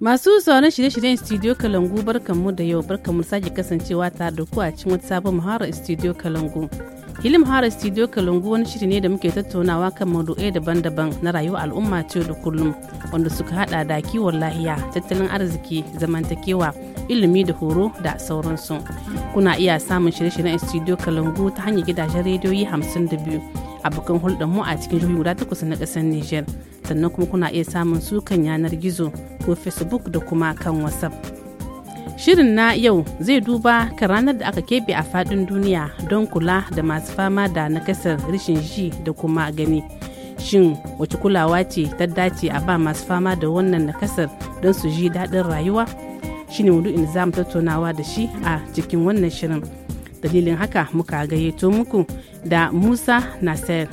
Masu sauran shirye-shiryen Studio Kalangu barkanmu da yau barkanmu sake kasancewa tare da ku a cikin wata sabon muharar Studio Kalangu. Hilim Hara Studio Kalungu wani shiri ne da muke tattaunawa kan maudu'ai daban-daban na rayuwar al'umma ce da kullum wanda suka hada da kiwon lahiya, tattalin arziki, zamantakewa, ilimi da horo da sauransu. Kuna iya samun shirye-shiryen Studio Kalungu ta hanyar gidajen rediyoyi 52 abokan hulɗar mu a cikin jihohi guda takwas na ƙasar Nijar. Sannan kuma kuna iya samun su kan yanar gizo ko Facebook da kuma kan WhatsApp. Shirin na yau zai duba kan ranar da aka keɓe a faɗin duniya don kula da masu fama da nakasar rashin ji da kuma gani. Shin wace kulawa ce ta dace a ba masu fama da wannan nakasar don su ji daɗin rayuwa? Shine in za mu tattaunawa da shi a cikin wannan shirin. Dalilin haka muka gayyato muku da Musa Nasir.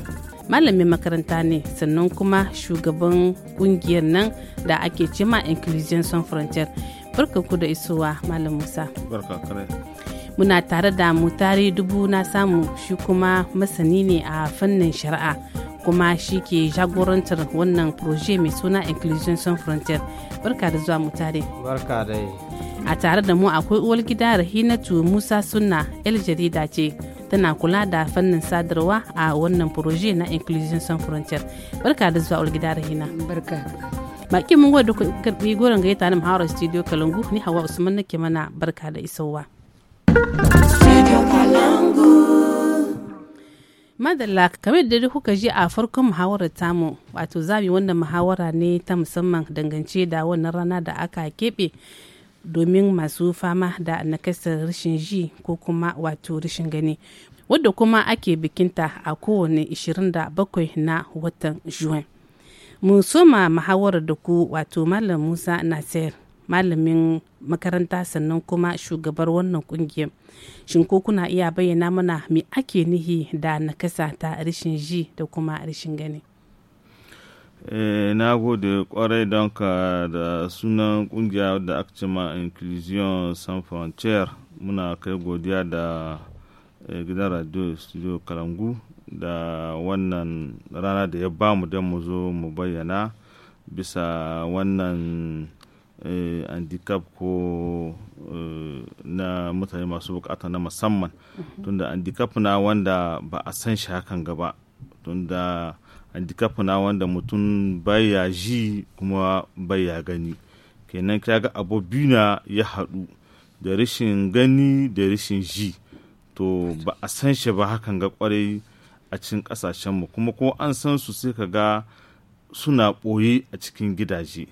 malamin makaranta ne sannan kuma shugaban kungiyar nan da ake cema inclusion sun frontier barkanku da isowa malam musa muna tare da mutari dubu na samu shi kuma masani ne a fannin shari'a kuma shi ke jagorantar wannan proje mai suna inclusion sun frontier barka da zuwa mutare barka a tare da mu akwai uwar gida rahinatu musa suna yar jarida ce tana kula da fannin sadarwa a wannan proje na inclusion sun frontier barka da zuwa uwar gida rahina barka baki mun gwada kun karbi gurin gaita na Mahawar Studio Kalangu ni Hawa Usman nake mana barka da isowa. madalla kamar da kuka ji a farkon muhawarar tamu wato zabi wannan muhawara ne ta musamman dangance da wannan rana da aka keɓe domin masu fama da nakasar rashin ji ko kuma wato rashin gani wadda kuma ake bikinta a kowane 27 na watan juin mu soma muhawarar da ku wato malam musa nasir malamin makaranta sannan kuma shugabar wannan kungiyar shin ko kuna iya bayyana mana me ake nihi da nakasa ta rashin ji da kuma rashin gani eh, na gode kwarai don ka da sunan kungiya da aka ce ma inclusion sans frontier muna kai godiya da eh, gidan radio studio kalangu da wannan rana da ya ba mu don mu zo mu bayyana bisa wannan eh, handicap ko eh, na mutane masu bukata na musamman mhm. tunda handicap na wanda ba a san shi hakan gaba tunda handicap na wanda mutum baya ji kuma baya gani kenan ga abu na ya haɗu da rashin gani da rashin ji to ba a san shi ba hakan ga kwarai a cikin ƙasashenmu kuma ko an san su sai ka ga suna ɓoye a cikin gidaje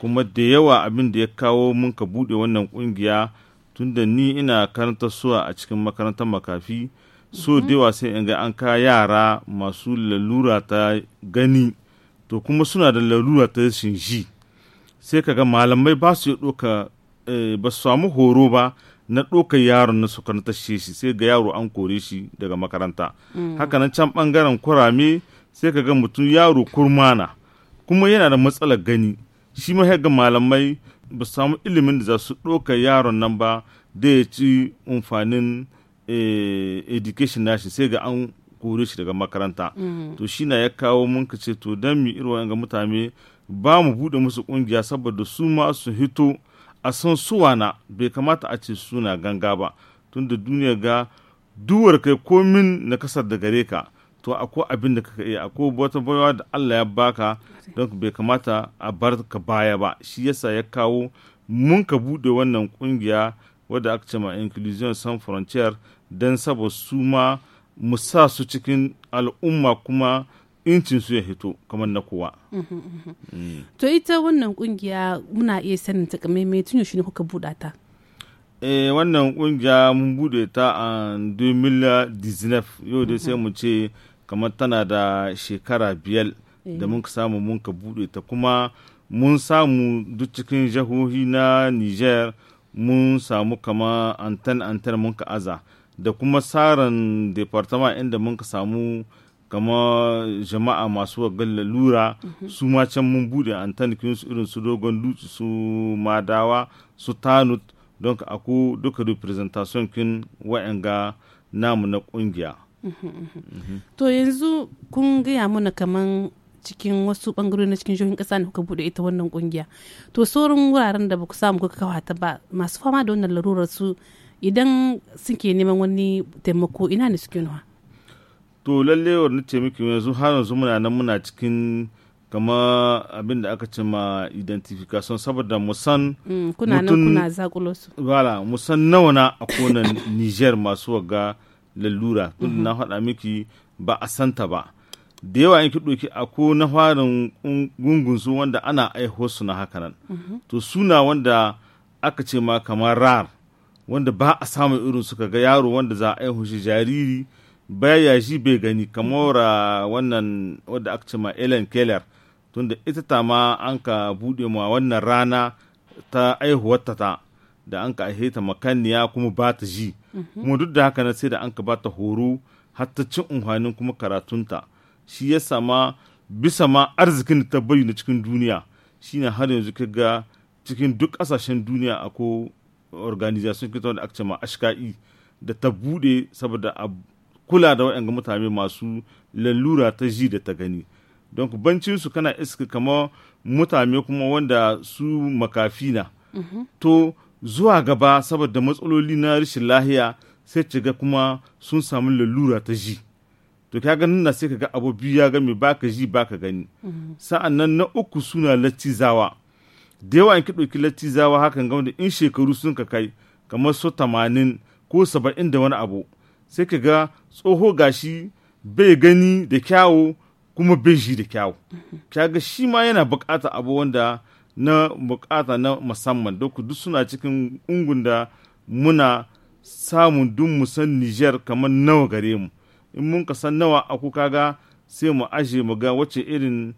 kuma da yawa abin da ya kawo mun ka buɗe wannan ƙungiya tunda ni ina karanta suwa a cikin makarantar makafi so da yawa sai in ga an ka yara masu lalura ta gani to kuma suna da lalura ta rashin sai ka ga malamai ba su ɗoka eh, ba su samu horo ba na ɗaukar yaron na suka tashe shi sai ga yaro an kore shi daga makaranta mm. haka nan can ɓangaren kurame sai ka ga mutum yaro kurmana kuma yana da matsalar gani shi ma ga malamai ba samu ilimin da za su ɗauka yaron nan ba da ya ci amfanin eh, education nashi sai ga an kore shi daga makaranta mm. to shi na ya kawo mun ka ce to don mi irin ga mutane ba mu buɗe musu ƙungiya saboda su ma su hito a san suwana bai kamata a ce suna ganga ba tunda duniya ga duwar kai komin na kasar da gare ka to akwai abin da kaka iya akwai wata baiwa da Allah ya baka don bai kamata a bar ka baya ba shi yasa ya kawo mun ka bude wannan kungiya wadda aka ce ma inclusion sans frontier don saboda su ma mu sa su cikin al'umma kuma incin su ya hito kamar na kowa. To ita wannan kungiya muna iya sanin takamaimai tun ne kuka buɗa ta? Eh wannan kungiya mun buɗe ta a 2019 yau dai sai mu ce kamar tana da shekara biyar da eh. mun samu mun ka buɗe ta kuma mun samu duk cikin jahohi na Niger mun samu kama antan antan mun ka aza da kuma tsarin departament inda mun ka samu kama jama'a masu wagar lalura mhm. su ma can mun bude an su irin su dogon dutse su madawa su tanut don ako duka representation kin wa'anga namu na kungiya mhm, mhm. to yanzu kun gaya mana kaman cikin wasu bangarori na cikin jihohin kasa ne kuka bude ita wannan kungiya to sauran wuraren da ba ku samu kuka kawata ba masu fama da wannan larurar su idan suke neman wani taimako ina ne suke nuwa to lalle wanda ce miki yanzu har yanzu muna nan muna cikin kama abin da aka ce ma identification saboda musan mm, kuna nan kuna wala musan nawa na a kona Niger masu waga lallura tun na mhm. faɗa miki ba a santa ba da yawa yanki doki a ko na farin gungun su wanda ana aiho su na nan mhm. to suna wanda aka ce ma kamar rar wanda ba a samun irin suka ga yaro wanda za a aiho shi jariri baya ji bai gani kamar ah, wannan wadda aka ce ma Ellen Keller tunda ita ta ma an ka bude ma wannan rana ta aihuwarta ta da an ka aihe ta makanniya kuma ba ta ji mhm. kuma duk da haka na sai da an ka ba ta horo har ta cin unhanin kuma karatunta shi ya sama bisa ma arzikin da ta na cikin duniya shine har yanzu kaga cikin duk kasashen duniya akwai organization kitan da aka ce ma ashka'i da ta buɗe saboda kula da waɗanda mutane masu lalura ta ji da ta gani don bancin su kana iska kama mutane kuma wanda su makafi na mhm. to zuwa gaba saboda matsaloli na rashin lahiya sai ga kuma sun samu lalura ta ji to ka ganin na sai ka ga abu biyu ya mai baka ji baka gani mhm. sa'an nan na uku suna latizawa da yawa in ki ɗauki latizawa hakan ga wanda in shekaru sun ka kai kamar su tamanin ko saba'in da wani abu sai ka ga tsoho gashi bai gani da kyawu kuma bai ji da kyawu kaga shi ma yana bukata abu wanda na bukata na musamman duk suna cikin ungun da muna samun dun mu san Niger kamar nawa gare mu in mun ka san nawa kuka ga sai mu aje mu ga wacce irin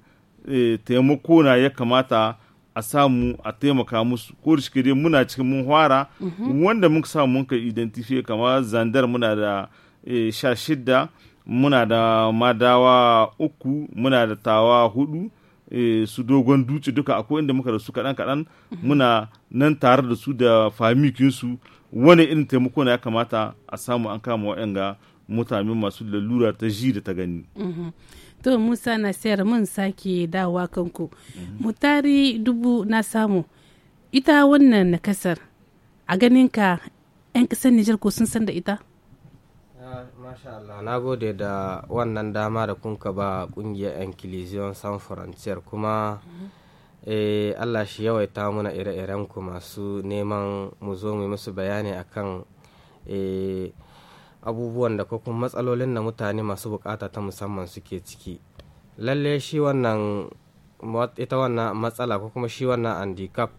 eh, taimako na ya kamata a samu a taimaka musu ko da shi muna cikin mun fara mhm. wanda muka samu muka ka identifiye kamar zandar muna da eh, sha shida muna da madawa uku muna da tawa hudu eh, su dogon duci duka akwai inda muka da su kaɗan kaɗan mhm. muna nan tare da su da famikinsu wani irin taimako na ya kamata a samu an kama wa'yan mutane masu lalura ta ji da ta gani. Mhm. to musa na sayar mun sake dawa kanku mutari dubu na samu ita wannan nakasar a ganinka 'yan kasar nijar ko sun san da ita ah, Masha Allah, na gode da wannan dama da kunka ba kungiyar Inclusion San Frontier kuma eh, Allah shi yawaita muna ire-iren ku masu neman mu zo mu musu bayani akan eh, abubuwan da kuma matsalolin da mutane masu bukata ta musamman suke ciki lalle shi wannan ita wannan matsala ko kuma shi wannan handicap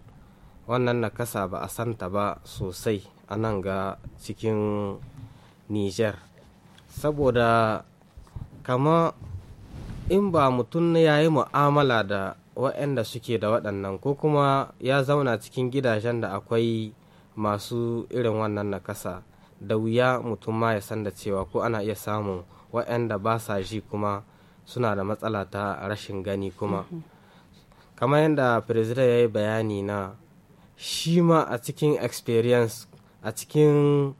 wannan nakasa ba a santa ba sosai a nan ga cikin niger saboda kama in ba mutum ya yi mu'amala da waɗanda suke da waɗannan ko kuma ya zauna cikin gidajen da akwai masu irin wannan nakasa da wuya mutum ma ya san da cewa ko ana iya samun waɗanda ba sa ji kuma suna da matsala ta rashin gani kuma mm-hmm. kamar yadda firizida ya yi bayani na shi ma a cikin experience a cikin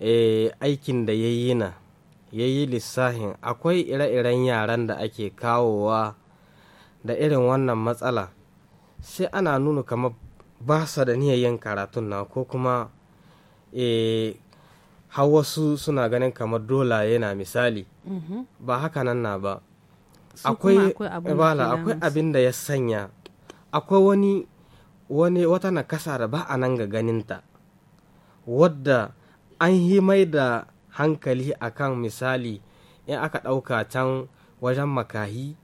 eh, aikin da ya yi na ya yi lissahin akwai ire-iren yaran da ake kawowa da irin wannan matsala sai ana nuna kamar ba sa da yin karatun na ko kuma eh, har wasu suna ganin kamar dola yana misali mhm. ba haka nan na ba akwai abin da ya sanya akwai wani wani wata nakasa da ba a nan ga ganinta wadda an yi mai da hankali a kan misali in aka ɗauka can wajen makahi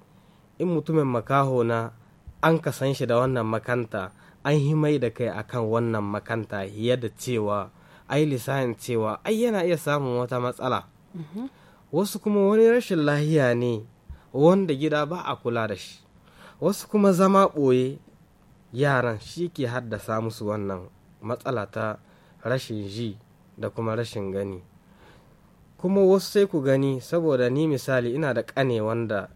in mutumin makaho na an ka san shi da wannan makanta an yi mai da kai a kan wannan makanta yadda cewa ai lisanin cewa ai yana iya samun wata matsala mhm. wasu kuma wani rashin lahiya ne wanda gida ba a kula da shi wasu kuma zama ɓoye yaran shi ke haddasa musu wannan matsala ta rashin ji da kuma rashin gani kuma wasu sai ku gani saboda ni misali ina da ƙane wanda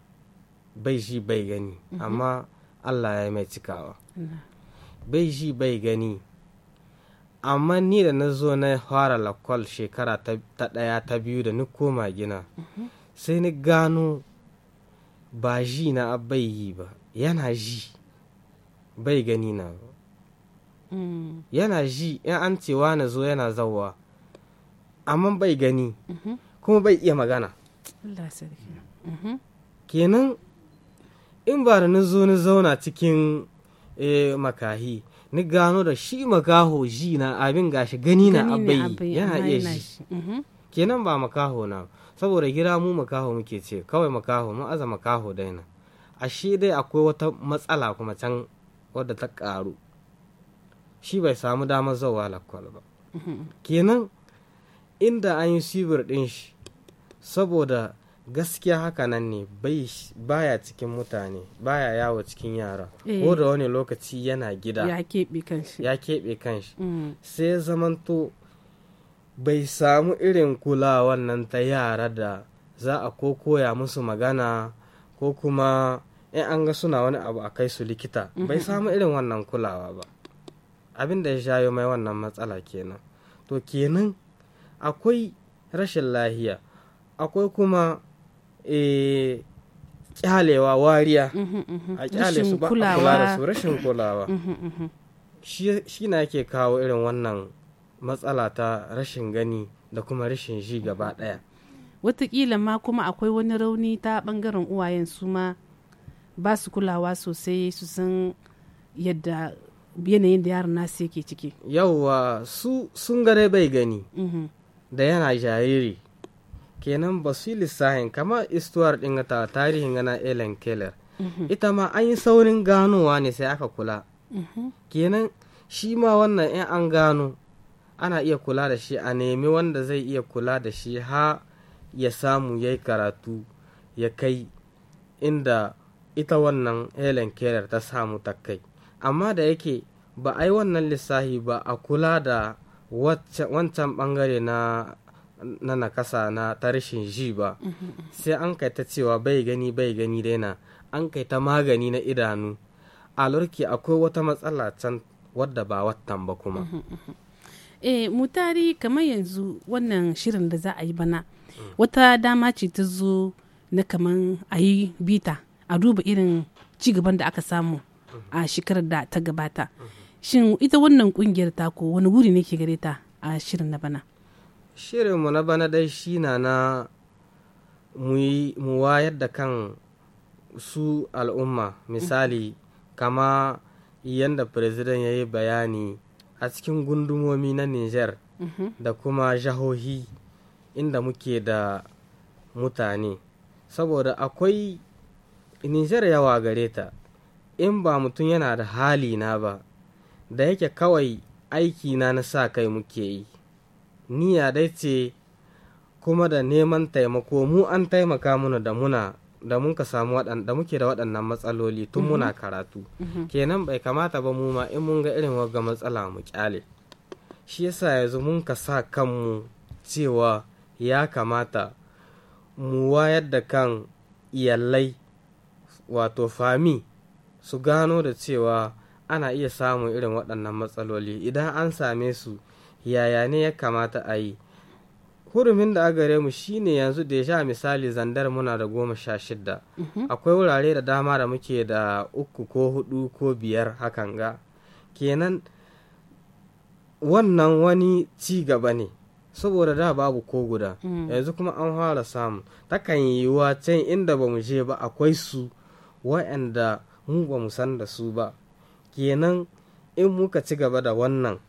bai ji bai gani mhm. amma allah ya mai cikawa bai ji bai gani amma ni da na zo na fara lakwal shekara ta ɗaya ta biyu da ni koma gina sai ni gano ba ji na bai yi ba yana ji bai gani na ba yana ji in an cewa na zo yana zawa amma bai gani kuma bai iya magana kenan in ba da na zo na zauna cikin eh, makahi ni gano da shi makaho ji na abin gashi gani na abai yana iya ji mhm. kenan ba makaho na saboda gira mu makaho muke ce kawai makaho mu aza makaho daina ashe dai akwai wata matsala kuma can wadda ta karu shi bai samu damar zauwa lakwal ba mhm. kenan inda an yi sibir din shi saboda gaskiya haka nan ne baya cikin mutane baya yawo cikin yara eh. ko da wani lokaci yana gida ya keɓe kanshi ya keɓe kanshi mm. zamanto bai samu irin kulawan nan ta yara da za a ko koya musu magana ko kuma in an ga suna wani abu a kai su likita mm-hmm. bai samu irin wannan kulawa ba abin da ya shayo mai wannan matsala kenan to kenan akwai rashin lahiya akwai kuma kyalewa eh, wariya uhuh, uhuh. a kyale su ba a kula da su rashin kulawa uhuh, shi na yake kawo irin wannan matsala ta rashin gani da kuma rashin ji gaba daya watakila ma kuma akwai wani rauni ta ɓangaren uwayen su ma ba su kulawa sosai su san yadda yanayin da yaran nasu yake ciki yauwa su sun gare bai gani da yana jariri kenan basu yi lissahin kamar istuwar ɗin ta tarihin gana ellen keller mhm. ita ma an yi saurin ganowa ne sai aka kula mhm. kenan shi ma wannan in an gano ana iya kula da shi a nemi wanda zai iya kula da shi ha ya samu ya yi karatu ya kai inda ita wannan helen keller ta samu ta kai amma da yake ba a yi wannan lissahi ba a kula da wancan bangare na na nakasa na ta ji ba sai an kai ta cewa bai gani bai gani daina an kai ta magani na idanu a lurki akwai wata matsala can wadda ba wattan ba kuma eh mutari kamar yanzu wannan shirin da za a yi bana wata dama ce ta zo na kaman a yi bita a duba irin cigaban da aka samu a shekarar da ta gabata shin ita wannan kungiyar ta ko wani wuri ne ke gare ta a shirin na bana Shirin mu na bana dai shi na na mu wayar da kan su al'umma misali kama yadda firizidan ya yi bayani a cikin gundumomi na niger mhm. da kuma jahohi inda muke da mutane saboda akwai niger yawa gare ta in ba mutum yana da hali na ba da yake kawai aiki na sa kai muke yi niyya dai ce kuma da neman taimako mu an taimaka mana da muna da mun samu da muke da waɗannan matsaloli tun mhm. muna karatu mhm. kenan bai kamata ba mu ma in mun ga irin wagga matsala mu kyale shi yasa yanzu mun ka sa kanmu cewa ya kamata mu wayar da kan iyalai wato fami su gano da cewa ana iya samun irin waɗannan matsaloli idan an same su yaya ne ya kamata a yi hurumin da a gare mu shine yanzu da sha misali zandar muna da goma sha shida mhm. akwai wurare da dama da muke da uku ko hudu ko biyar hakan ga kenan wannan wani ci gaba ne saboda da babu ko guda mm. yanzu kuma an fara samu takan yiwuwa can inda ba mu je ba akwai su wa'anda mu ba mu san da su ba kenan in muka ci gaba da wannan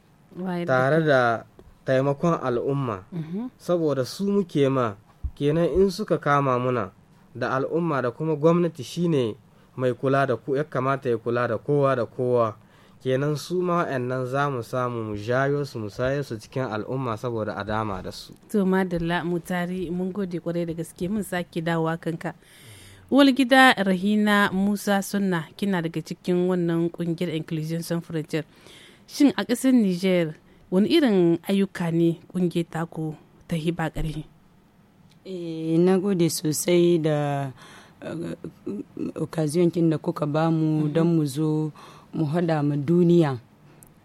tare da taimakon al'umma mhm. saboda su muke ma kenan in suka kama muna da al'umma da kuma gwamnati shine mai kula da ku ya kamata ya kula da kowa da kowa kenan su ma wa'annan za mu samu mu jayo su mu sayo su cikin al'umma saboda a dama da su. To madalla mu tari mun gode kwarai da gaske mun sake dawowa kanka. wal gida Rahina Musa Sunna kina daga cikin wannan kungiyar Inclusion Sun Frontier. shin a ƙasar niger wani irin ayyuka ne ƙungiyar taku ta hiba ƙarfi eh, na gode sosai da eh, occasion kin da kuka bamu mm-hmm. don mu zo mu haɗa mu duniya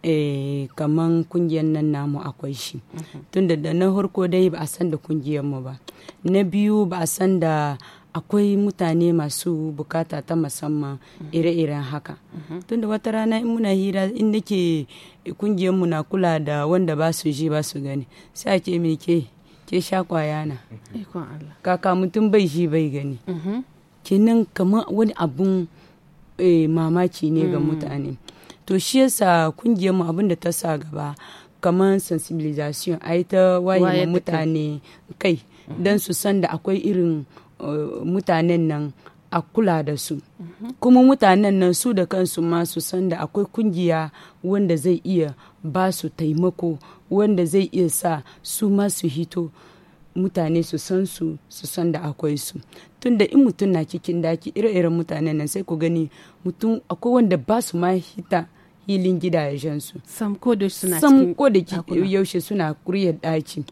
eh, kaman kungiyar nan namu akwai shi mm-hmm. tunda da na harko dai ba a san da kungiyar mu ba na biyu ba a san da akwai mutane masu bukata ta musamman ire-iren haka tunda wata rana in muna hira in nake kungiyar mu na kula da wanda ba su ji ba su gani sai ake mai ke ke sha kwaya na kaka mutum bai ji bai gani mm-hmm. kenan kamar wani abun eh, mamaki ne ga mm. mutane to shi yasa kungiyar mu abin da ta sa gaba kamar sensibilisation a yi ta waye mutane kai don su san da akwai irin mutanen nan a kula da su kuma mutanen nan su da kansu ma su san da akwai kungiya wanda zai iya ba su taimako wanda zai iya sa su ma su hito mutane su san su su san da akwai su tunda in mutum na cikin daki ire-iren mutanen nan sai ku gani mutum akwai wanda ba su ma hita hilin gidajen su sam ko da yaushe suna kuryar daki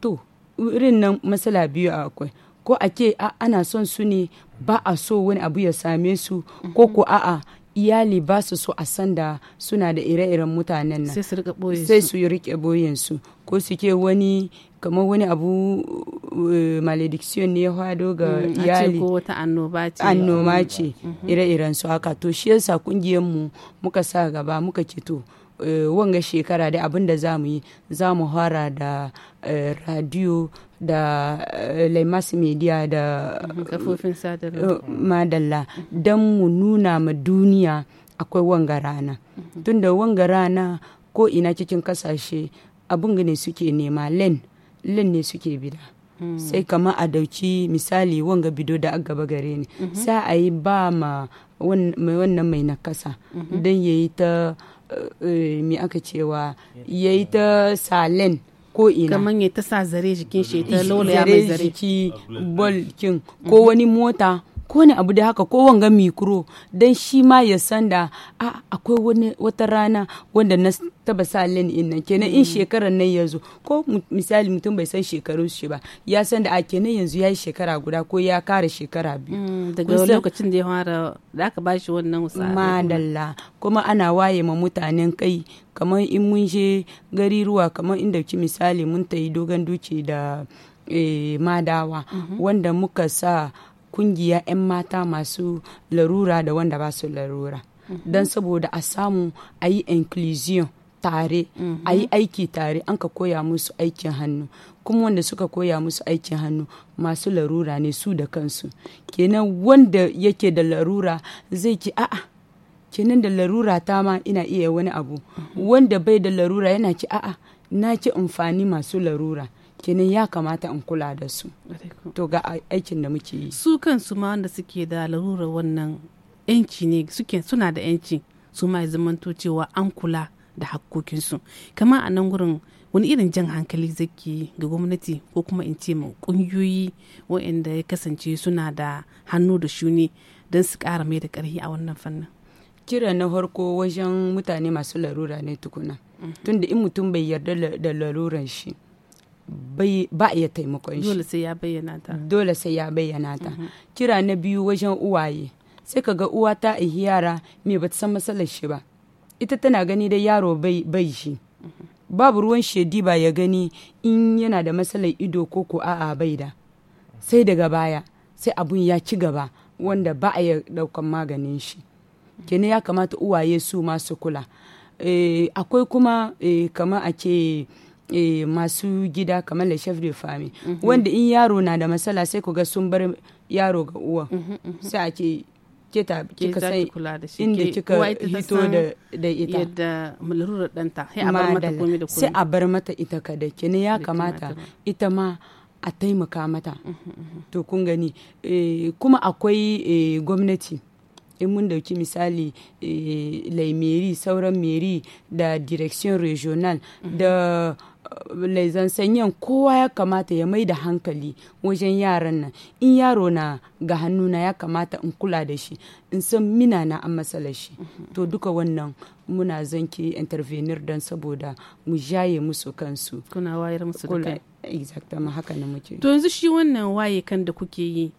to irin nan matsala biyu akwai ko a ke ana son su ne ba a so wani abu ya same su ko ko a'a iyali ba su so a sanda da suna da ire-iren mutanen nan sai su rike boyensu ko su ke wani kamar wani abu eh, malediction ne ya hado ga mm, iyali ko wata annoba ce mm. mm-hmm. ire-iren su haka to shi yasa kungiyar mu muka sa gaba muka kito Uh, eh, wanga shekara da abin da za mu yi za mu fara da uh, radio da eh, laimas media da mhm, kafofin sadarwa eh, madalla don mu nuna ma duniya akwai wanga rana mhm. tunda wanga rana ko ina cikin kasashe abin ne suke nema len len ne suke bida hmm. sai kama a dauki misali wanga bido da gaba gare ne mhm. sai a yi ba ma wannan mai nakasa don ya yi ta eh, mi aka cewa ya yi ta salen ko ina kamar ya ta sa zare jikin shi ta lola ya mai zare jiki bol ko wani mota ko ne abu da haka ko wanga mikro don shi ma ya san da a akwai wata rana wanda na taba sa len in nan kenan in mm. shekarar nan ya zo ko misali mutum bai san shekarun shi ba ya san da a kenan yanzu ya yi shekara guda ko ya kara shekara biyu mm, daga lokacin da ya fara da aka madalla kuma ana waye ma mutanen kai kamar in mun je gariruwa kamar in dauki misali mun ta yi dogon duci da eh, madawa mm-hmm. wanda muka sa kungiya 'yan mata masu larura da wanda ba su larura mhm. don saboda a samu a yi inclusion tare a yi mhm. aiki tare an ka koya musu aikin hannu kuma wanda suka koya musu aikin hannu masu larura ne su da kansu kenan wanda yake da larura zai ki a'a kenan da larura ta ma ina iya wani abu mhm. wanda bai da larura yana ki a'a na ki amfani masu larura kenan ya kamata in kula da su to ga aikin da muke yi su kansu ma wanda suke da larurar wannan yanci ne suke suna da yanci su ma ya zamanto cewa an kula da hakkokinsu kamar a nan gurin wani irin jan hankali zaki ga gwamnati ko kuma in ce ma kungiyoyi waɗanda ya kasance suna da hannu da shuni don su kara mai da ƙarfi a wannan fannin kira na farko wajen mutane masu larura ne tukuna mhm. tunda in mutum bai yarda da laruran shi ba iya taimakon shi dole sai ya bayyana ta dole sai ya bayyana ta mm-hmm. kira na biyu wajen uwaye sai ka ga uwa ta ihi yara me ba ta san matsalar shi ba ita tana gani da yaro bai shi mm-hmm. babu ruwan shedi ba ya gani in yana da matsalar ido ko ko a'a bai da sai daga baya sai abun ya ci gaba wanda ba a daukan maganin shi kene ya kamata uwaye su masu kula eh, akwai kuma eh, kamar a ce eh, masu gida kamar da chef de famille mm -hmm. wanda in yaro na da matsala sai ku ga sun bar yaro ga uwa mm -hmm, mm -hmm. sai ake kita kika sai inda kika hito da da ita yadda lalurar danta sai a bar mata komai da komai sai a bar mata ita kada kene ya kamata ita ma a taimaka mata mhm, mhm. to kun gani e, kuma akwai e, gwamnati in mun dauki misali eh, e, laimeri sauran meri da direction regional mhm. da laisansanyen kowa ya kamata ya mai da hankali wajen yaran nan in yaro na ga hannuna ya kamata in kula da shi in san mina na an matsala shi to duka wannan muna zanki intervenir don saboda mu jaye musu kansu kuna wayar musu da kai ma haka na muke to yanzu shi wannan waye kan da kuke yi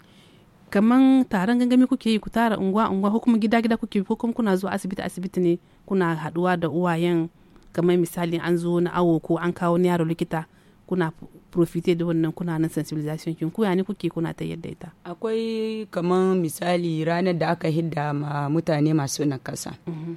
kaman taron gangami kuke yi ku tara unguwa unguwa ko kuma gida gida kuke ko kuma kuna zuwa asibiti asibiti ne kuna haduwa da uwayen kamar misali an zo na awo ko an kawo yaro likita kuna profite da wannan kuna nan sensibilization kin kuya ne kuke kuna ta yadda ita akwai kamar misali ranar da aka hidda ma mutane masu kasa mhm.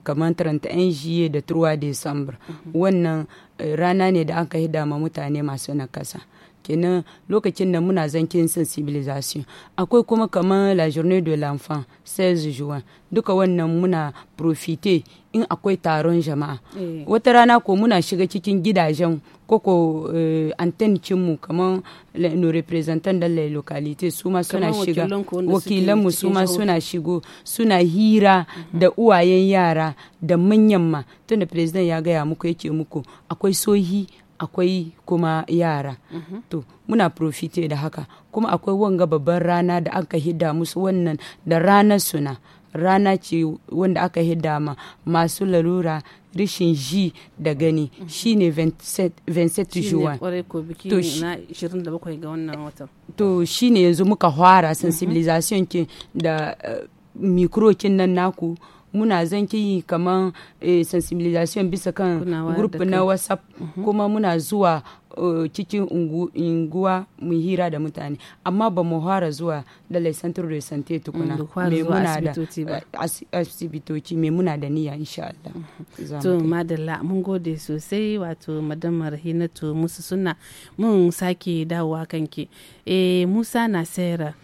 kamar yan jiye da turwa december mhm. wannan eh, rana ne da aka hidda ma mutane masu nakasa kenan lokacin da muna zankin sensibilisation akwai kuma kamar la journée de l'enfant 16 juin duka wannan muna profite in akwai taron jama'a eh. wata rana ko muna shiga cikin gidajen koko eh, antenne mu kamar no representant da la localité su ma suna shiga wakilanmu su ma suna shigo suna hira mhm. da uwayen yara da manyan ma tunda president ya gaya muku yake muku akwai sohi akwai kuma yara mm -hmm. to muna profite da haka kuma akwai wanga babban rana da aka hida musu wannan da ranar suna rana ce wanda aka hida ma masu lalura rishin ji da gani shi mhm. ne shine to shi shine yanzu muka hwara mhm. sensibilization da uh, eh, mikrokin nan naku muna zanki yi kaman eh, sensibilisation bisa kan group na whatsapp mhm. kuma muna zuwa eh, cikin unguwa mu hira da mutane amma ba mu fara zuwa da laisantar de santé tukuna mm, muna da asibitoci mai eh, muna da niyya insha Allah to madalla mun gode sosai wato madam rahinatu musu suna mun sake dawowa kanki eh musa nasera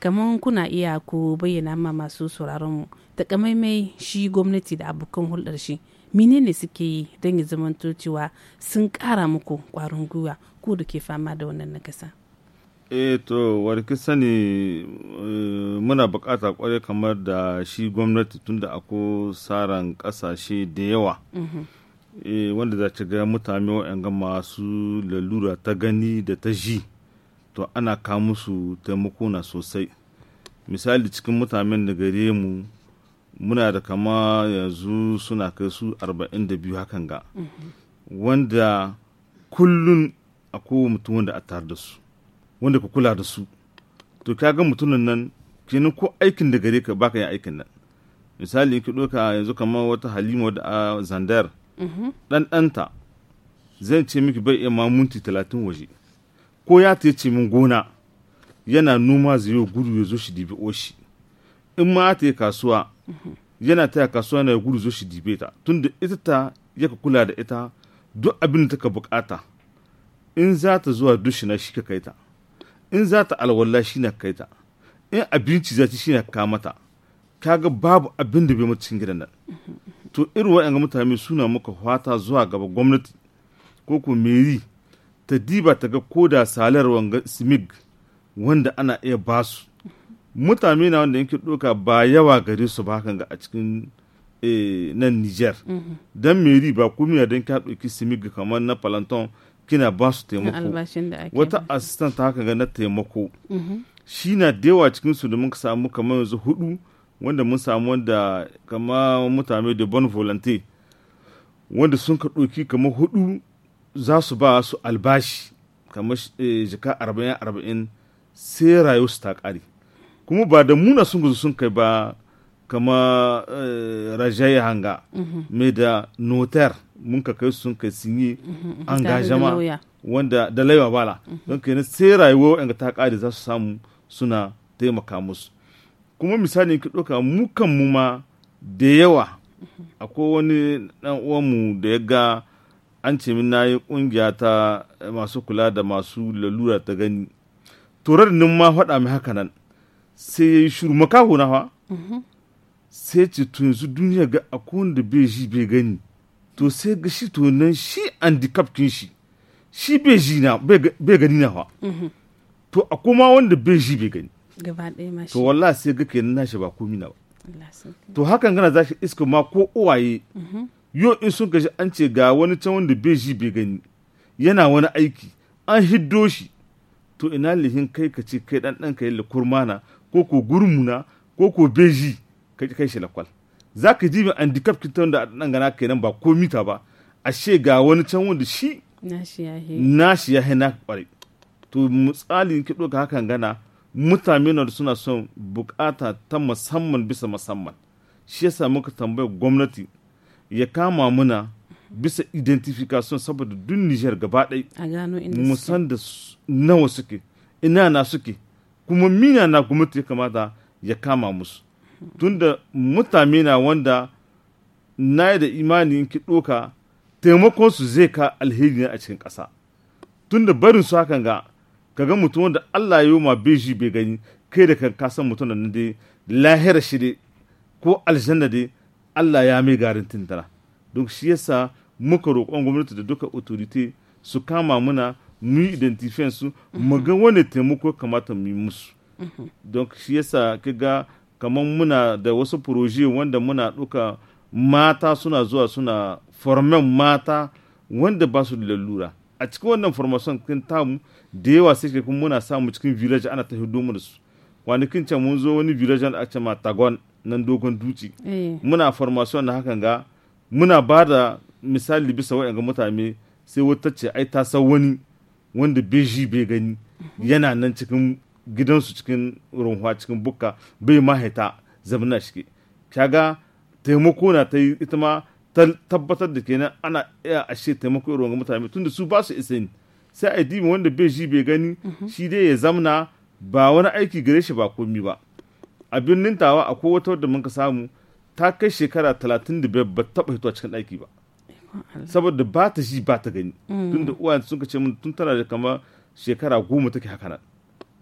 kamar kuna iya ku bayyana ma masu sauraron mu takamaimai shi gwamnati da abokan hulɗar shi menene suke yi don ya zamanto cewa sun ƙara muku ƙwarin gwiwa ko da ke fama da wannan nakasa eh to warki sani eh, muna bukata kwarai kamar da shi gwamnati tunda ako saran ƙasashe da yawa mhm. eh, wanda za ci ga mutane waɗanda masu lalura ta gani da ta ji to ana kawo musu taimako sosai misali cikin mutanen da gare mu muna da kama yanzu suna kai su 42 hakan ga mhm. wanda kullum a kowa mutum wanda a tare da su wanda ka kula da su to ka ga mutumin nan kenan ko aikin da gare ka baka yin aikin nan misali ki doka yanzu kama wata halima da a zandar mhm. ɗanɗanta zan ce miki bai iya ma minti talatin waje ko ya ta ce min gona yana noma zai yi gudu ya zo shi dibi oshi in ma ta yi kasuwa yana taya kasuwa na gudu zo shi dibe ta tunda ita ta ka kula da ita duk abin da ka bukata in za ta zuwa dushina shi ka kai in za ta alwala shi na kai in abinci za ta shi na ka mata kaga babu abin da bai mata cikin gidan nan to irin ga mutane suna muka fata zuwa gaba gwamnati ko ko meri ta diba ta ga koda salar wanga smig wanda ana iya basu mutane na wanda yankin doka ba yawa gare su ba kan ga a cikin eh, nan Niger. Mhm. Don meri ba kumiya don ka ɗauki simig kamar na Palanton kina ba su taimako. Wata assistant haka ga na taimako. Mhm. Shi na da yawa cikin su da muka samu kamar yanzu hudu wanda mun samu wanda kama mutane da bon volante wanda sun ka ɗauki kamar hudu za su ba su albashi kamar eh, jika arba'in arba'in sai rayu su ta ƙare. kuma ba da muna sun gudu sun kai ba kama eh, rajayi hanga mai mhm. da notar mun ka kai sun kai sun yi mhm, mhm. an gajama wanda da laiwa bala don kenan sai rayuwa wa'yan ta kare za su samu suna taimaka musu kuma misali ka ɗauka mu ma da yawa akwai wani ɗan uwanmu da ya ga an ce min nayi ƙungiya ta masu kula da masu lalura ta gani turar nin ma faɗa mai haka nan sai ya yi shuru makaho na fa mhm. sai ce to yanzu duniya ga akwai da bai ji bai gani to sai ga shi to nan shi handicap kin shi shi bai ji na bai gani na fa mhm. to a kuma wanda bai ji bai gani to wallahi sai ga kenan nashi ba komi na ba to hakan gana za shi iska ma ko uwaye mhm. yo in sun gaji an ce ga wani can wanda bai ji bai gani yana wani aiki an hiddo shi to ina lihin kai ka ce kai dan dan ka yi kurmana ko ko gurmuna ko ko beji ka kai shi lakwal za ka ji an dikaf kitan da dan gana kenan ba ko mita ba ashe ga wani can wanda shi nashi ya hina kwarai to misali ki ɗauka haka gana mutane na suna son bukata ta musamman bisa musamman shi yasa muka tambayar gwamnati ya kama muna bisa identification saboda duk Nijar gaba ɗai musan da nawa suke ina na suke kuma mina na gwamnati ya kamata ya kama musu tunda mutane na wanda na da imani ki doka taimakon su zai ka alheri ne a cikin ƙasa tunda barin su hakan ga kaga mutum wanda Allah ya yi ma beji bai gani kai da ka san mutum da dai lahira shi dai ko aljanna dai Allah ya mai garin tintara don shi yasa muka roƙon gwamnati da duka otorite su kama muna mu identifiyan su mu ga wani taimako kamata mu yi musu don shi yasa ga kamar muna da wasu proje wanda muna duka mata suna zuwa suna formen mata wanda ba su da lalura a cikin wannan formation kin tamu da yawa sai kuma muna samu cikin village ana ta hidomu da su kwanakin can mun zo wani village da ake ma tagon nan dogon duci eh. muna formation na hakan ga muna ba da misali bisa wa'yan ga mutane sai wata ce ai ta san wani wanda beji bai gani yana nan cikin gidansu cikin runhuwa cikin bukka bai mahaita zamana shi kaga taimako na ta yi ita ma tabbatar da kenan ana iya ashe taimako irin ga mutane tunda su ba su isa sai a dimi wanda bai ji bai gani mhm. shi dai ya zamana ba wani aiki gare shi ba komi ba a birnin tawa akwai wata wadda muka samu ta kai shekara talatin da biyar ba taɓa hito cikin aiki ba saboda ba ta ji ba ta gani mm. da uwa sun ka ce mun tun tana da kama shekara goma take haka nan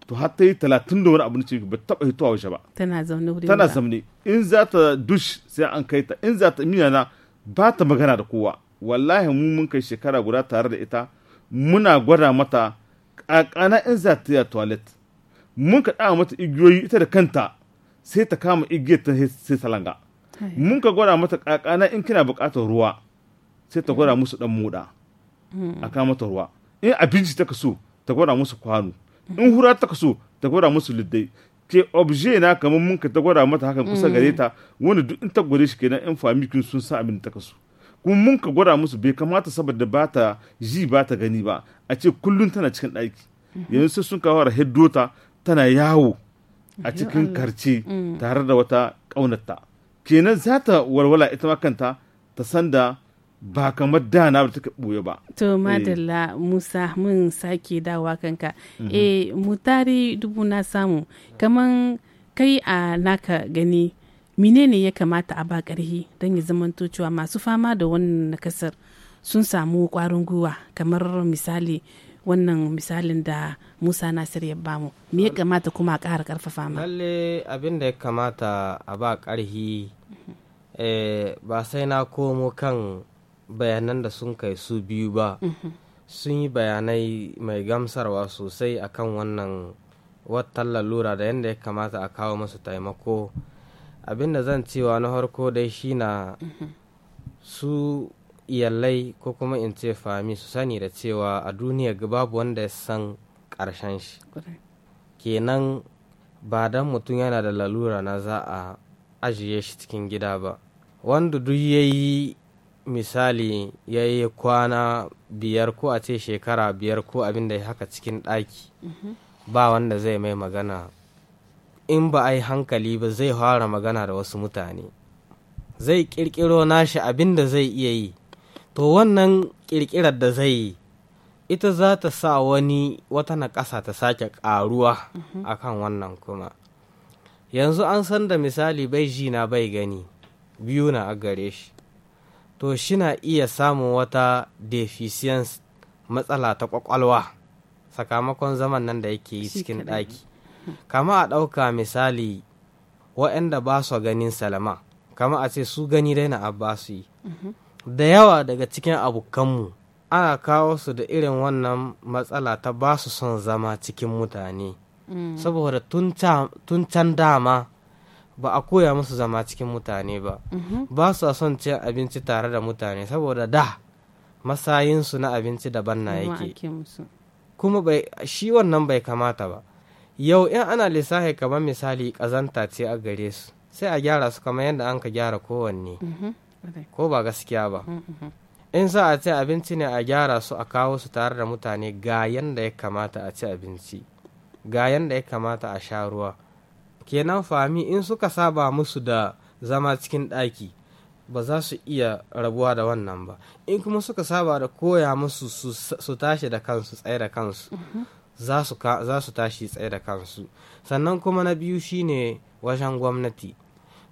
to har ta yi talatin da wani abin ciki ba taba hitowa waje ba tana zaune in za ta dush sai an kai ta in za ta miyana ba ta magana da kowa wallahi mu mun kai shekara guda tare da ita muna gwada mata kakana in za ta yi toilet mun ka ɗaga mata igiyoyi ita da kanta sai ta kama igiyar ta sai ta mun ka gwada mata kakana in kina buƙatar ruwa sai ta gwada musu dan muda a kama ruwa in abinci ta kaso ta gwada musu kwano in hura ta kaso ta gwada musu liddai ke obje na kamar mun ka ta gwada mata hakan kusa gare ta wanda duk in ta gwada shi kenan yan famikin sun sa abin ta kaso kuma mun ka gwada musu bai kamata saboda ba ta ji ba ta gani ba a ce kullum tana cikin ɗaki yanzu sai sun kawo heddota tana yawo a cikin karce mm. tare da wata ƙaunarta kenan za ta walwala ita ma kanta ta san da ba kamar da na ta ɓoye ba. To eh. madalla Musa mun sake dawa kanka. Mhm. eh mutari dubu na samu kaman kai a naka gani menene ya kamata a ba ƙarhi don ya zamanto cewa masu fama da wannan nakasar sun samu ƙwarin gwiwa kamar misali wannan misalin da Musa Nasir ya bamu me ya kamata kuma a ƙara ƙarfafa ma. Lalle abin da ya kamata a ba ƙarhi mhm. eh, ba sai na komo kan bayanan da sun kai su biyu ba mhm. sun yi bayanai mai gamsarwa sosai akan wannan watan lalura da yadda ya kamata a kawo masu taimako abinda zan cewa na harko dai shi na mhm. su iyalai ko kuma in ce fami su sani da cewa a duniya babu wanda ya san karshen shi kenan ba dan mutum yana da lalura na za a ajiye shi cikin gida ba wanda duk yayi. misali ya yi kwana biyar ko a ce shekara biyar ko abin da ya haka cikin ɗaki ba wanda zai mai magana in ba a yi hankali ba zai fara magana da wasu mutane zai ƙirƙiro nashi abin da zai iya yi to wannan ƙirƙirar da zai yi ita za ta sa wani wata na ƙasa ta sake ƙaruwa a kan wannan kuma yanzu an san da misali bai ji na bai gani biyu na a gare shi to shina iya samun wata deficiency matsala ta kwakwalwa sakamakon zaman nan da yake yi cikin ɗaki kama a ɗauka misali waɗanda ba su ganin salama kama a ce su gani daina na abbasu yi mhm. da yawa daga cikin abokanmu ana kawo su da irin wannan matsala ta ba su son zama cikin mutane mm. saboda tun can dama ba a koya musu zama cikin mutane ba mm-hmm. ba su a son cin abinci tare da mutane saboda da masayinsu na abinci daban na yake kuma shi wannan bai kamata ba yau in ana lissafi kamar misali ƙazanta ce a gare su sai a gyara su kamar yadda an ka gyara kowanne mm-hmm. ko ba gaskiya ba mm-hmm. in za a ce abinci ne a gyara su a kawo su tare da mutane ga yanda ya kamata a ci abinci ga yanda ya kamata a sha ruwa kenan fami in suka saba musu da zama cikin ɗaki ba za su iya rabuwa da wannan ba in kuma suka saba da koya musu su tashi da kansu tsaye da kansu za su tashi tsaye da kansu sannan kuma na biyu shine wajen gwamnati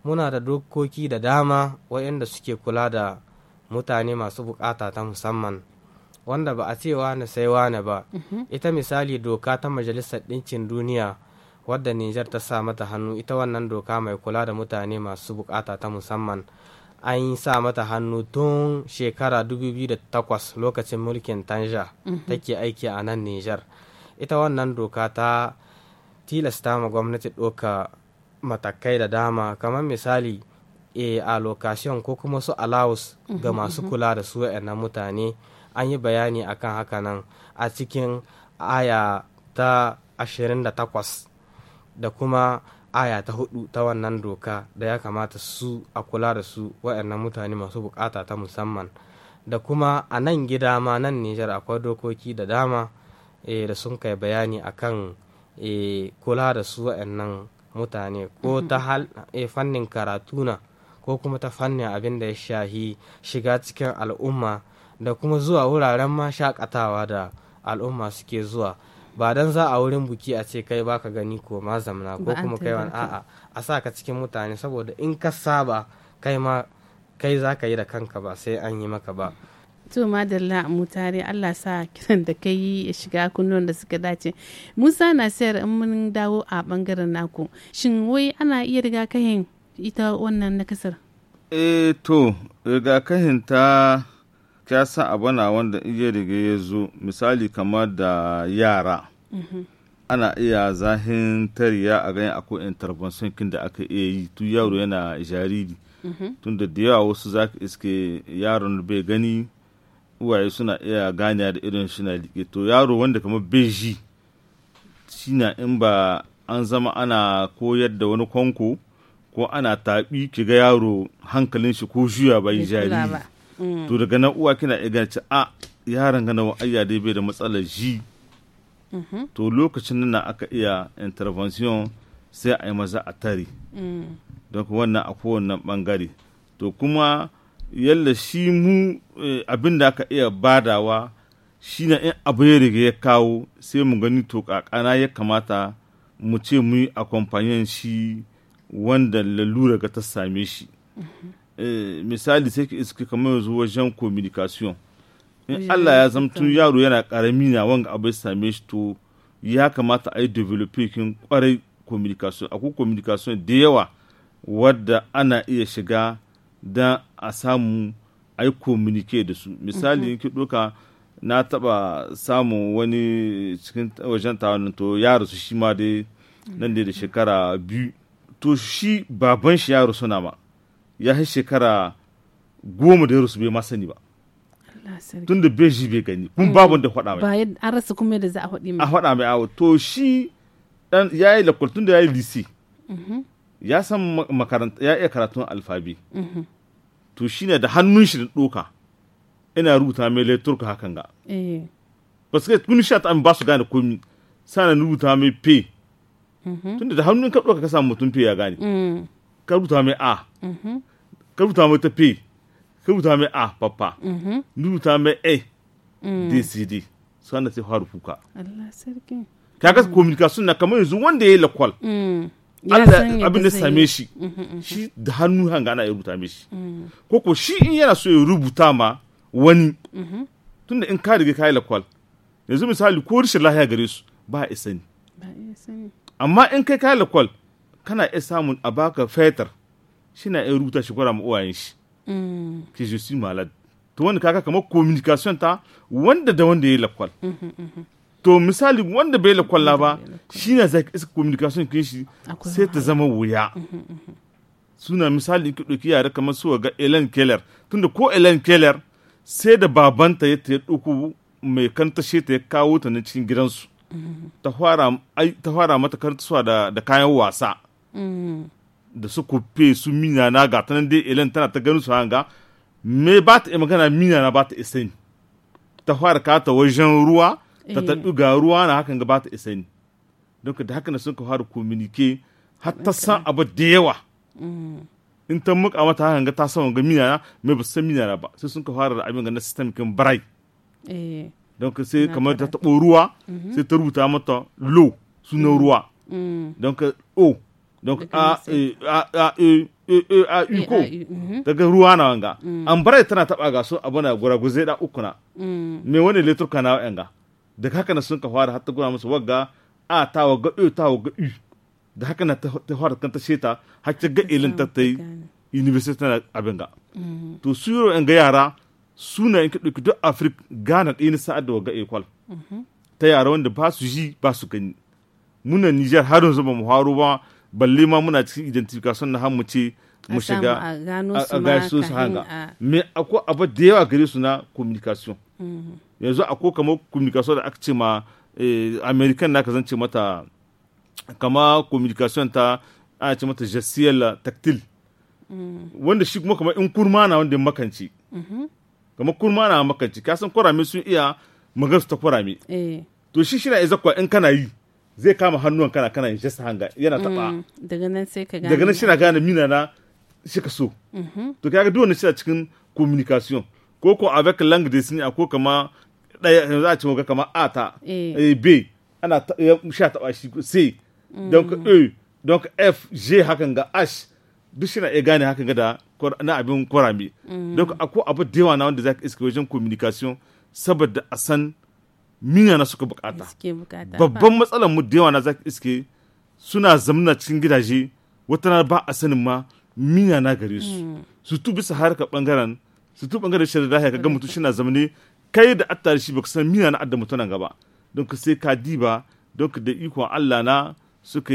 muna da dokoki da dama waɗanda suke kula da mutane masu bukata ta musamman wanda ba a ce wane sai wane ba uhuh. ita misali doka ta majalisar ɗinkin duniya wadda nijar ta sa mata hannu ita wannan doka mai kula da mutane masu bukata ta musamman an yi sa mata hannu tun shekara 2008 lokacin mulkin tanja mhm. take aiki a nan nijar ita wannan doka ta tilasta ma gwamnati doka matakai da dama kamar misali e a location ko kuma su allows ga mhm, masu mhm. kula da su na mutane an yi bayani akan haka nan a cikin aya ta 28 da kuma aya ta hudu ta wannan doka da ya kamata su a kula da su waɗannan mutane masu bukata ta musamman da kuma a nan gida ma nan Nijar akwai dokoki da dama e, da sun kai bayani akan e, kula da su wa'annan mutane ko mm-hmm. ta hal, e, fannin karatuna ko kuma ta fannin abin da ya shahi shiga cikin al'umma da kuma zuwa wuraren ma shakatawa da al'umma suke zuwa ba dan za a wurin buki a ce kai baka gani ko ma zamna ko kuma kai wani a'a a sa ka cikin mutane saboda in ka saba kai ma kai za ka yi da kanka ba sai an yi maka ba to madalla mu Allah sa kiran da kai yi ya shiga kunnuwan da suka dace Musa na sayar in mun dawo a bangaren naku shin wai ana iya kahin ita wannan kasar eh to kahin ta ka san wanda iya riga ya zo misali kamar da yara ana iya zahin tariya a ganin akwai intervention kin da aka iya yi tun yaro yana jariri tun da da yawa wasu za ka iske yaron bai gani uwaye suna iya gane da irin shi na liƙe to yaro wanda kamar bai ji shi na in ba an zama ana koyar da wani kwanko ko ana taɓi ki ga yaro hankalin shi ko juya bai jariri mm. to daga nan uwa kina iya a ah, yaron gana wa dai bai da matsalar ji Mhm. to lokacin nan aka iya intervention sai a yi maza a tari mm. don wannan a kowane bangare to kuma yalla shi mu eh, abin da aka iya badawa shi na in abu ya riga ya kawo sai mu gani to kakana ya kamata mu ce mu yi akwamfanyen shi wanda lalura ga ta same shi mhm. eh, misali sai ki iska kamar yanzu wajen communication in eh, eh, Allah ya zamto eh. yaro yana karami na wanga abu ya same shi to ya kamata a yi kin kwarai communication akwai communication da yawa wadda ana iya shiga don a samu a yi communicate da su misali mhm. ki doka na taba samu wani cikin wajen tawanin to ya rasu shi ma dai nan da shekara biyu to shi baban shi ya rasu na ma ya shekara goma da ya rasu bai masani ba tun da bai shi bai gani kun mm. babu da faɗa mai bayan an rasa kuma da za a faɗi mai a faɗa mai awo to shi dan ya yi lakwal tun da ya yi lisi mm-hmm. ya san makaranta ya iya karatun alfabi mm-hmm. to shi ne da hannun shi da ɗoka ina rubuta mai ka hakan ga ba su kai tun shi ta ba su gane komi sana rubuta mai pe mm-hmm. tun da hannun ka ɗoka ka samu mutum pe ya gane mm. ka rubuta mai a ka rubuta mai ta pe ka rubuta mai a papa rubuta mai a dcd sana sai haru fuka Allah sarki kaga mm. communication na kamar yanzu wanda ya yi lakwal mm. Allah abin da same shi mm-hmm, mm-hmm. shi da hannu hanga ana ya rubuta mishi mm. ko ko shi in yana so ya rubuta ma wani mm-hmm. tunda in ka riga ka yi lakwal yanzu misali ko rishin lahiya gare su ba a isa ni amma in kai ka yi lakwal kana iya samun a baka fetar shi na iya rubuta shi gwada ma uwayen shi mm. que je suis malade to wanda kaka kamar communication ta wanda da wanda ya yi lakwal mm -hmm, mm -hmm. to misali wanda bai lakwal ba shi na zai iska communication kai shi sai ta zama wuya suna misali ki ɗauki yara kamar su ga Ellen Keller tunda ko Ellen Keller sai da babanta ya ta ɗauko mai kantashe ta ya kawo ta na cikin gidansu ta fara mata kartuwa da kayan wasa da su kufe su minya na ga tanan dai elen tana ta gani su hanga me ba ta magana minya na ba ta isa ni ta fara ka ta wajen ruwa ta eh. ta ga ruwa na hakan ga ba ta isa ni don da haka na sun ka fara kominike har ta san abu da yawa mm. in ta muka mata hakan ga ta san wanga minya na me ba san minya na ba sai sun ka fara da abin ga na sistem kin barai eh. don sai kamar ta taɓo ruwa mm-hmm. sai ta rubuta mata lo sunan mm. ruwa mm. don ka o oh, donc a a a a uko daga ruwa na wanga mm. an bara tana taba ga so abuna gura guze da uku na mm. me wani letter kana wanga daga haka na sun ka fara hatta gura musu wagga a ta wagga u ta wagga u da haka na ta fara kanta sheta har ta ga ilin ta ta university na abinga mm. to su yaro ga yara suna in ka duk duk afrik gana din sa'ad da wagga equal mhm. ta yara wanda ba su ji ba su gani muna niger har yanzu ba mu haro ba balle ma muna cikin identification na hannu mu ce mu shiga a gano su hanga me akwai abu da yawa gare su na communication mhm. yanzu akwai kamar communication da aka ce ma eh, american na ka zance mata kama communication ta ana ce mata gesiyar tactile mhm. wanda shi kuma kamar in kurma na wanda makanci mhm. kamar kurma na makanci kasan kwarame sun iya magar su ta kwarame eh. to shi shi na izakwa in kana yi zai kama hannuwan kana kana jasa hanga yana mm, taba daga nan sai ka gane daga nan shi na gane mina na shi ka so mm-hmm. to kaga duk wannan shi cikin communication ko ko avec langue des signes ko kama daya za a ce ga kama a ta eh. Eh, b ana sha taba shi c mm. donc e donc f g hakan ga h duk shi na iya gane hakan ga da na abin kwarami mm. donc akwai abu da yawa na wanda za ka iska wajen communication saboda a san miya na suka bukata babban matsalar mu da yawa na zaki iske suna zamna cikin gidaje wata na ba a sanin ma miya na gare su hmm. su tu bisa harkar bangaren su tu bangaren da lahiya ga mutum shi na zamne kai da da shi baka san miya na adda mutum nan gaba don ka sai ka diba don ka da ikon Allah na suka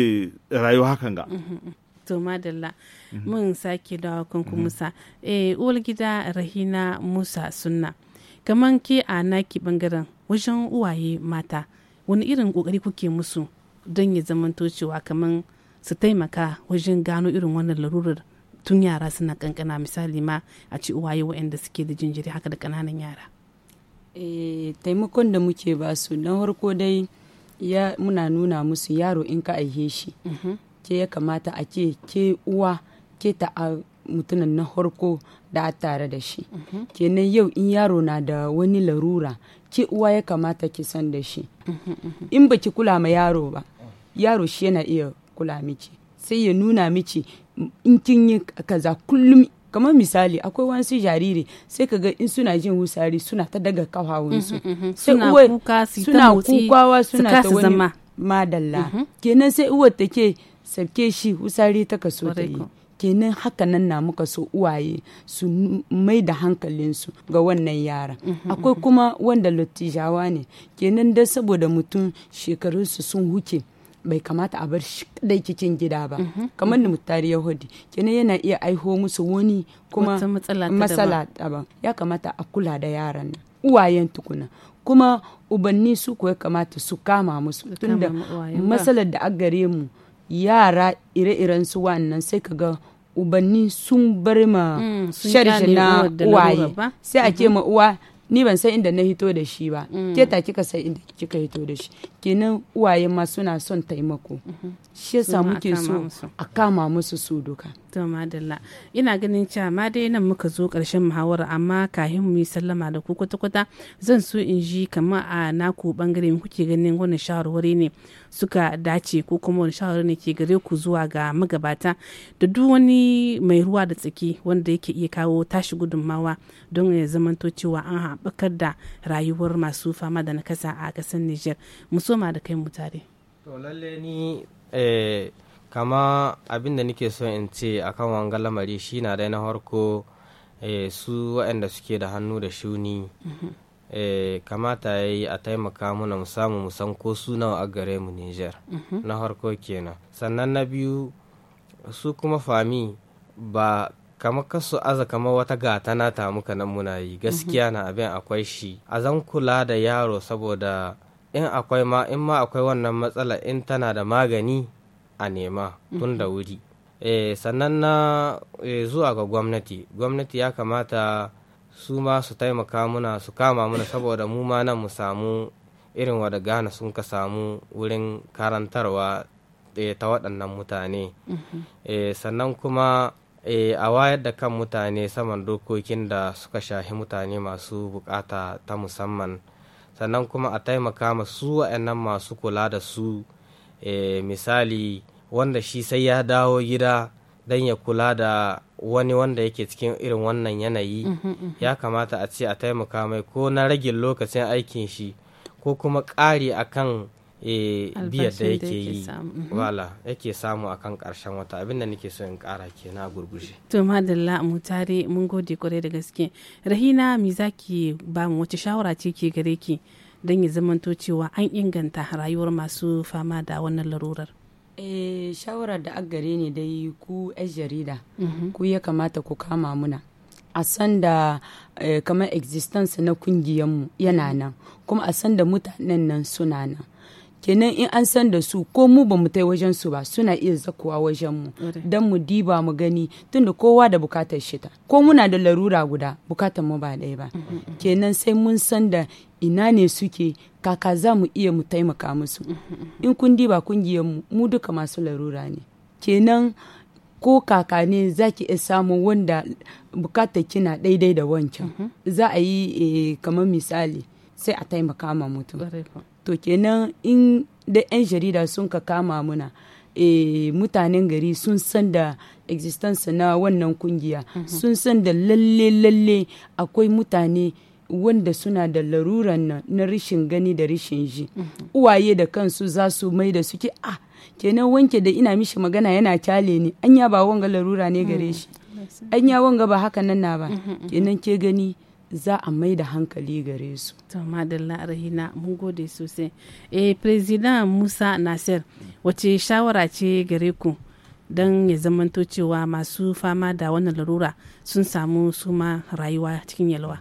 rayuwa hakan ga mhm, mhm. to madalla mhm. mun sake dawo kan musa eh uwar gida rahina musa sunna kamar ke a naki bangaren wajen uwaye mata wani irin kokari kuke musu don ya zamanto cewa kamar su taimaka wajen gano irin wannan larurar tun yara suna kankana misali ma a ci uwaye waɗanda suke da jinjiri haka da kananan yara eh, taimakon da muke ba su na farko dai ya muna nuna musu yaro in ka aihe shi mhm. ke ya kamata a ke ke uwa ke ta mutumin na harko da a tare da shi kenan yau in yaro na da wani larura ke uwa ya kamata ki san da shi in baki kula ma yaro ba yaro shi yana iya kula miki sai ya nuna miki in kin yi kaza kullum kamar misali akwai wasu jariri sai ka ga in suna jin wusari suna ta daga kawawunsu mm-hmm, mm-hmm. suna kukawa suna ta wani madalla mm-hmm. kenan sai uwar take sabke shi wusari ta kaso ta yi kenan hakanan na muka so uwaye su mai da hankalinsu ga wannan yara mhm, mhm, akwai mhm. kuma wanda lottijawa ne kenan da saboda mutum shekarunsu sun huke bai kamata a bar shi kadai cikin gida ba kamar da mutari yahudi kenan yana iya aiho musu wani kuma matsala daban ya kamata a kula da yaran nan uwayen tukuna kuma ubanni su kuwa kamata su kama musu tunda matsalar da a gare mu yara ire iren su wannan sai ka kaga ubanni sun bar ma mm, na uwaye sai a ce ma mm-hmm. uwa ni ban san inda na hito da shi ba mm. ke ta kika san inda kika hito da shi kenan uwaye ma suna son taimako mm-hmm. shi yasa muke so a kama musu su duka to madalla ina ganin cewa ma dai nan muka zo karshen muhawara amma kahin mu yi sallama da ku kwata-kwata zan so in ji kamar a naku bangare kuke ganin wani shawarwari ne suka dace ko kuma wani shawarwari ne ke gare ku zuwa ga magabata da duk wani mai ruwa da tsaki wanda yake iya kawo tashi gudunmawa don ya zamanto cewa an haɓakar da rayuwar masu fama da nakasa a ƙasar Nijar mu soma da kai mu tare. To lalle ni eh, kama abin da nike so in ce a kan wanga lamari shi na dai na harko eh, su waɗanda suke da hannu da shuni mhm. eh, kamata ya yi a taimaka muna mu samu mu san ko su nawa a gare mu Nijar mhm. na harko kenan sannan na biyu su kuma fami ba kama kasu aza kama wata gata na ta muka nan muna yi mhm. gaskiya na abin akwai shi a zan kula da yaro saboda in akwai ma in ma akwai wannan matsala in tana da magani a nema mhm. tun da wuri eh, sannan na eh, zuwa ga gwamnati gwamnati ya kamata su ma su taimaka muna su kama muna saboda mu ma nan mu samu irin wada gana sun ka samu wurin karantarwa eh, ta waɗannan mutane mhm. sannan kuma a wayar da kan mutane saman dokokin da suka shahi mutane masu bukata ta musamman sannan kuma a taimaka su waɗannan masu kula da su e, misali wanda shi sai ya dawo gida don ya kula da wani wanda yake cikin irin wannan yanayi mm -hmm, ya kamata a ce a taimaka mai ko na rage lokacin aikin shi ko kuma ƙari kan e, biyar da yake yi mhm. wala yake samu akan karshen wata abin da nake so in kara ke na gurgushe to madalla mu tare mun gode kwarai da gaske rahina me zaki ba mu wace shawara ce ke gare ki don ya zamanto cewa an inganta rayuwar masu fama da wannan larurar eh shawarar da gare ne dai ku 'yan jarida mhm. ku ya kamata ku kama muna a san da eh, kamar existence na kungiyanmu yana nan kuma a san da mutanen nan suna nan kenan in an san da su ko mu ba mu tai wajen su ba suna iya zakuwa wajen mu dan mu diba mu gani tunda kowa da bukatar shi ta ko muna da larura guda bukatar mu ba ɗaya ba mm-hmm, mm-hmm. kenan sai mun san da ina ne suke kaka za mu iya mu taimaka musu mm-hmm, in kun diba kungiyar mu mu duka masu larura ne kenan ko kaka ne za ki iya samu wanda bukatar kina daidai da wancan za a yi eh, kamar misali sai a taimaka ma mutum to kenan in da 'yan jarida sun ka kama muna e, mutanen gari sun san da existence na wannan kungiya mm sun san da lalle lalle akwai mutane wanda suna da laruran nan na rishin gani da rishin ji mhm. uwaye da kansu za su mai da suke ah kenan wanke da ina mishi magana yana kyale ni anya ba wanga larura ne gare mhm. shi anya wanga ba haka nan na ba mhm, kenan ke gani za a mai da hankali gare su. To da rahina mun gode sosai. Eh president Musa Nasir wace shawara ce gare ku don ya zamanto cewa masu fama da wannan larura sun samu suma rayuwa cikin yalwa.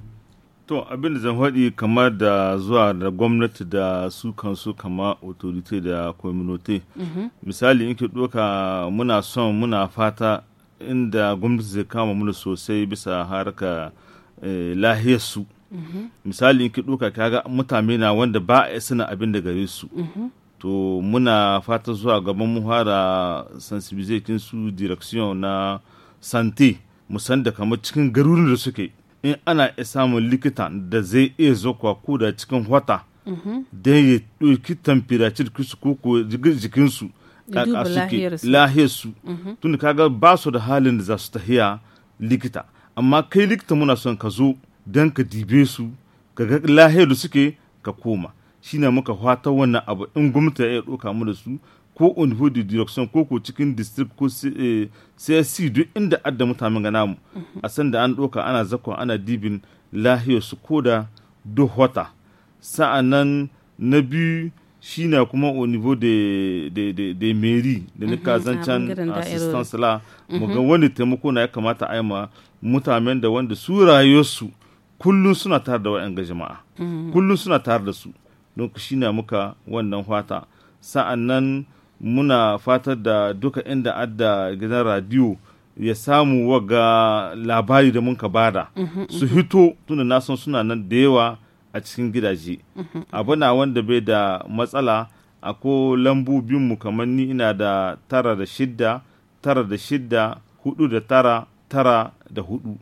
To abin da zan faɗi kamar da zuwa da gwamnati da su kansu kama autorite da community. Mhm. Misali in ki ɗoka muna son muna fata inda gwamnati zai kama muna sosai bisa harka Eh, lahiyarsu misali ki ɗuka kaga mutane na wanda ba a suna abin da gare su to muna fata zuwa gaban mu fara sensibilizating su direction na sante musan da kamar cikin garurin da suke in ana iya samun likita da zai iya zakwa ko da cikin wata don ya ɗauki tamfiracin kusa ko ko jikinsu kaka suke lahiyarsu tun kaga ba su da halin da za su tahiya likita amma kai likita muna son ka zo don ka dibe su ka ga lahiyar da suke ka koma shine muka fata wannan abu in gwamnati ya ɗauka mu da su ko unhu da direction ko ko cikin district ko csc eh, duk inda adda mutane gana mu. a san da an ɗauka ana zakwa ana dibin lahiyar su ko da duk wata sa'annan na biyu shi na kuma au niveau de, de, de, da nika mhm, zancen assistance la mu ga mhm. wani taimako na ya kamata a yi ma mutanen da wanda su rayuwarsu kullum suna tare da wa'yan jama'a mm-hmm. kullum suna tare da su don shi na muka wannan fata sa'an nan muna fatar da duka inda adda gidan radiyo ya samu waga labari da mun ka bada mm-hmm, su mm-hmm. hito tunda na san suna nan da yawa a cikin gidaje abu na wanda bai da matsala a ko mu kamar ni ina da tara da shidda tara da shidda hudu da tara tara da hudu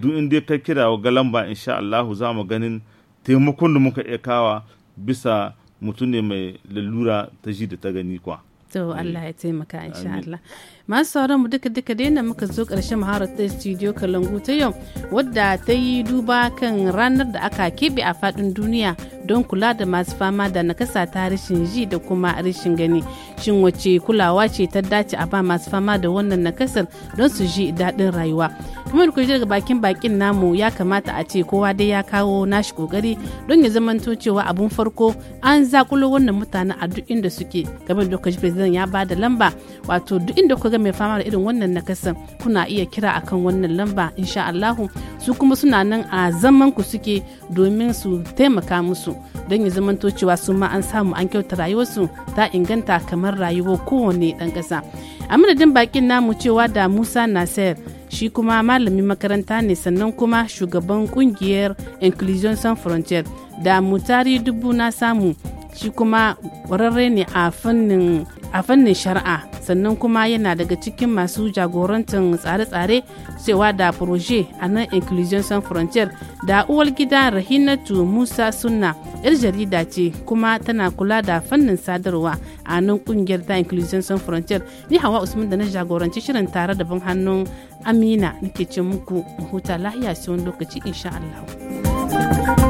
duk in dai ka kira wa galamba insha Allahu za mu ganin taimakon da muka iya kawa bisa mutum ne mai lalura ta ji da ta gani kwa to Allah ya taimaka insha Allah masu sauran mu duka duka daina muka zo ƙarshen maharar ta studio kalangu ta yau wadda ta yi duba kan ranar da aka keɓe a faɗin duniya don kula da masu fama da nakasa ta rashin ji da kuma rashin gani shin wace kulawa ce ta dace a ba masu fama da wannan nakasar don su ji daɗin rayuwa kuma da daga bakin bakin namu ya kamata a ce kowa dai ya kawo nashi kokari don ya zamanto cewa abun farko an zakulo wannan mutane a duk inda suke game da lokaci ya ba da lamba wato duk inda kuka ga mai fama da irin wannan nakasan kuna iya kira a kan wannan lamba insha Allahu su kuma suna nan a zaman ku suke domin su taimaka musu don ya zaman cewa su ma an samu an kyauta rayuwarsu ta inganta kamar rayuwar kowane ɗan ƙasa. A madadin bakin namu cewa da Musa Nasir shi kuma malamin makaranta ne sannan kuma shugaban kungiyar Inclusion San Frontier da Mutari Dubu na samu shi kuma ƙwararre ne a fannin a fannin shari'a sannan kuma yana daga cikin masu jagorantar tsare-tsare cewa da proje a nan inclusion san frontier da uwar gida rahinatu musa sunna yar jarida ce kuma tana kula da fannin sadarwa a nan kungiyar ta inclusion san frontier ni hawa usman da na jagoranci shirin tare da ban hannun amina nake ce muku huta lahiya sai wani lokaci insha allah